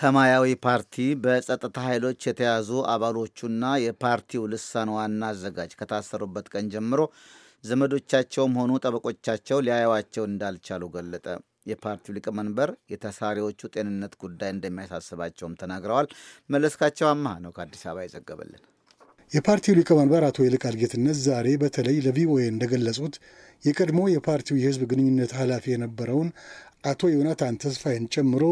ሰማያዊ ፓርቲ በጸጥታ ኃይሎች የተያዙ አባሎቹና የፓርቲው ልሳን ዋና አዘጋጅ ከታሰሩበት ቀን ጀምሮ ዘመዶቻቸውም ሆኑ ጠበቆቻቸው ሊያየዋቸው እንዳልቻሉ ገለጠ። የፓርቲው ሊቀመንበር የታሳሪዎቹ ጤንነት ጉዳይ እንደሚያሳስባቸውም ተናግረዋል። መለስካቸው አማሃ ነው ከአዲስ አበባ የዘገበልን። የፓርቲው ሊቀመንበር አቶ ይልቃል ጌትነት ዛሬ በተለይ ለቪኦኤ እንደገለጹት የቀድሞ የፓርቲው የህዝብ ግንኙነት ኃላፊ የነበረውን አቶ ዮናታን ተስፋዬን ጨምሮ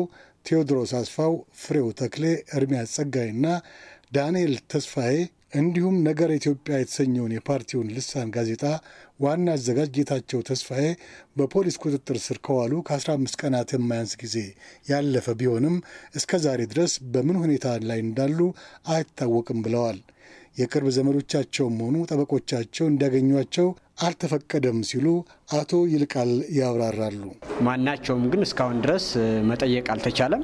ቴዎድሮስ አስፋው፣ ፍሬው ተክሌ፣ እርሚያ ጸጋይና ዳንኤል ተስፋዬ እንዲሁም ነገር ኢትዮጵያ የተሰኘውን የፓርቲውን ልሳን ጋዜጣ ዋና አዘጋጅ ጌታቸው ተስፋዬ በፖሊስ ቁጥጥር ስር ከዋሉ ከ15 ቀናት የማያንስ ጊዜ ያለፈ ቢሆንም እስከ ዛሬ ድረስ በምን ሁኔታ ላይ እንዳሉ አይታወቅም ብለዋል። የቅርብ ዘመዶቻቸውም ሆኑ ጠበቆቻቸው እንዲያገኟቸው አልተፈቀደም ሲሉ አቶ ይልቃል ያብራራሉ። ማናቸውም ግን እስካሁን ድረስ መጠየቅ አልተቻለም።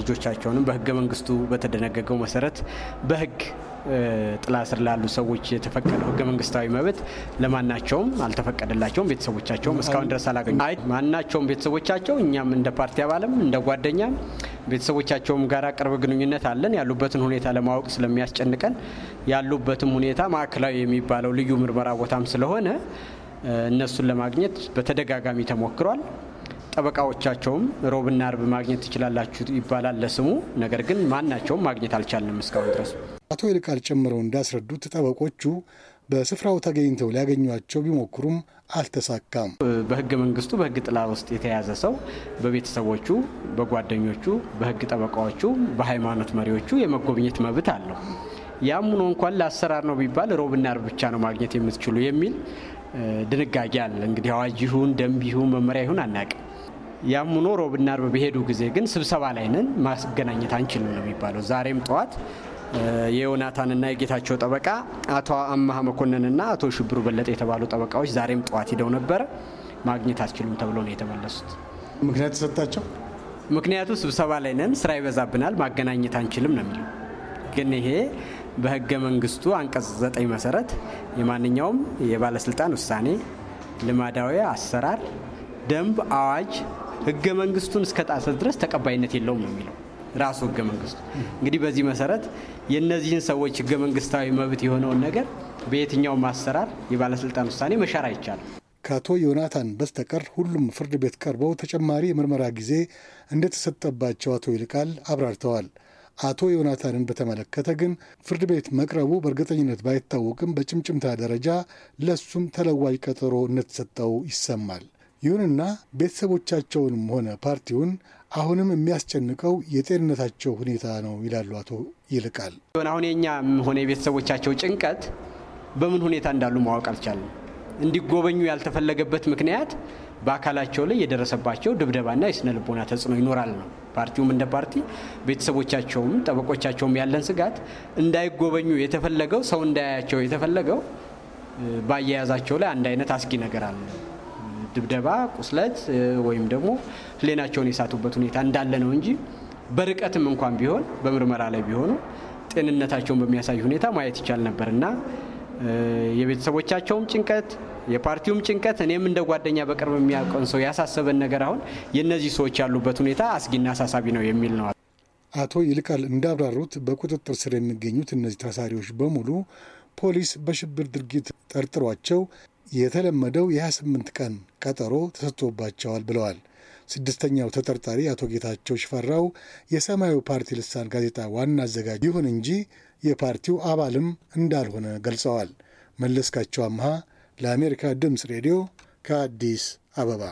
ልጆቻቸውንም በህገ መንግስቱ በተደነገገው መሰረት በህግ ጥላ ስር ላሉ ሰዎች የተፈቀደው ህገ መንግስታዊ መብት ለማናቸውም አልተፈቀደላቸውም። ቤተሰቦቻቸውም እስካሁን ድረስ አላገኙ ማናቸውም ቤተሰቦቻቸው እኛም እንደ ፓርቲ አባልም እንደ ጓደኛም ቤተሰቦቻቸውም ጋር ቅርብ ግንኙነት አለን። ያሉበትን ሁኔታ ለማወቅ ስለሚያስጨንቀን ያሉበትም ሁኔታ ማዕከላዊ የሚባለው ልዩ ምርመራ ቦታም ስለሆነ እነሱን ለማግኘት በተደጋጋሚ ተሞክሯል። ጠበቃዎቻቸውም ሮብና አርብ ማግኘት ትችላላችሁ ይባላል ለስሙ። ነገር ግን ማናቸውም ማግኘት አልቻለም እስካሁን ድረስ። አቶ ይልቃል ጨምረው እንዳስረዱት ጠበቆቹ በስፍራው ተገኝተው ሊያገኟቸው ቢሞክሩም አልተሳካም። በህገ መንግስቱ በህግ ጥላ ውስጥ የተያዘ ሰው በቤተሰቦቹ፣ በጓደኞቹ፣ በህግ ጠበቃዎቹ፣ በሃይማኖት መሪዎቹ የመጎብኘት መብት አለው። ያም ሆኖ እንኳን ለአሰራር ነው ቢባል ሮብና አርብ ብቻ ነው ማግኘት የምትችሉ የሚል ድንጋጌ አለ። እንግዲህ አዋጅ ይሁን ደንብ ይሁን መመሪያ ይሁን አናውቅም። ያም ሆኖ ሮብና አርብ በሄዱ ጊዜ ግን ስብሰባ ላይ ነን ማገናኘት አንችልም ነው የሚባለው። ዛሬም ጠዋት የዮናታንና የጌታቸው ጠበቃ አቶ አማሀ መኮንንና አቶ ሽብሩ በለጠ የተባሉ ጠበቃዎች ዛሬም ጠዋት ሂደው ነበረ። ማግኘት አትችሉም ተብሎ ነው የተመለሱት። ምክንያት ተሰጣቸው። ምክንያቱ ስብሰባ ላይ ነን፣ ስራ ይበዛብናል፣ ማገናኘት አንችልም ነው የሚለው። ግን ይሄ በህገ መንግስቱ አንቀጽ ዘጠኝ መሰረት የማንኛውም የባለስልጣን ውሳኔ፣ ልማዳዊ አሰራር፣ ደንብ፣ አዋጅ ህገ መንግስቱን እስከ ድረስ ተቀባይነት የለውም ነው የሚለው። ራሱ ህገ መንግስቱ። እንግዲህ በዚህ መሰረት የእነዚህን ሰዎች ህገ መንግስታዊ መብት የሆነውን ነገር በየትኛው ማሰራር የባለስልጣን ውሳኔ መሻር አይቻልም። ከአቶ ዮናታን በስተቀር ሁሉም ፍርድ ቤት ቀርበው ተጨማሪ የምርመራ ጊዜ እንደተሰጠባቸው አቶ ይልቃል አብራርተዋል። አቶ ዮናታንን በተመለከተ ግን ፍርድ ቤት መቅረቡ በእርግጠኝነት ባይታወቅም በጭምጭምታ ደረጃ ለሱም ተለዋጭ ቀጠሮ እንደተሰጠው ይሰማል። ይሁንና ቤተሰቦቻቸውንም ሆነ ፓርቲውን አሁንም የሚያስጨንቀው የጤንነታቸው ሁኔታ ነው ይላሉ አቶ ይልቃል። አሁን የእኛም ሆነ የቤተሰቦቻቸው ጭንቀት በምን ሁኔታ እንዳሉ ማወቅ አልቻለም። እንዲጎበኙ ያልተፈለገበት ምክንያት በአካላቸው ላይ የደረሰባቸው ድብደባና የስነ ልቦና ተጽዕኖ ይኖራል ነው። ፓርቲውም እንደ ፓርቲ ቤተሰቦቻቸውም ጠበቆቻቸውም ያለን ስጋት እንዳይጎበኙ የተፈለገው ሰው እንዳያያቸው የተፈለገው በአያያዛቸው ላይ አንድ አይነት አስጊ ነገር አለ። ድብደባ፣ ቁስለት ወይም ደግሞ ፍሌናቸውን የሳቱበት ሁኔታ እንዳለ ነው እንጂ በርቀትም እንኳን ቢሆን በምርመራ ላይ ቢሆኑ ጤንነታቸውን በሚያሳይ ሁኔታ ማየት ይቻል ነበር እና የቤተሰቦቻቸውም ጭንቀት የፓርቲውም ጭንቀት እኔም እንደ ጓደኛ በቅርብ የሚያውቀን ሰው ያሳሰበን ነገር አሁን የእነዚህ ሰዎች ያሉበት ሁኔታ አስጊና አሳሳቢ ነው የሚል ነው። አቶ ይልቃል እንዳብራሩት በቁጥጥር ስር የሚገኙት እነዚህ ታሳሪዎች በሙሉ ፖሊስ በሽብር ድርጊት ጠርጥሯቸው የተለመደው የ28 ቀን ቀጠሮ ተሰጥቶባቸዋል ብለዋል። ስድስተኛው ተጠርጣሪ አቶ ጌታቸው ሽፈራው የሰማያዊ ፓርቲ ልሳን ጋዜጣ ዋና አዘጋጅ ይሁን እንጂ የፓርቲው አባልም እንዳልሆነ ገልጸዋል። መለስካቸው አምሃ ለአሜሪካ ድምፅ ሬዲዮ ከአዲስ አበባ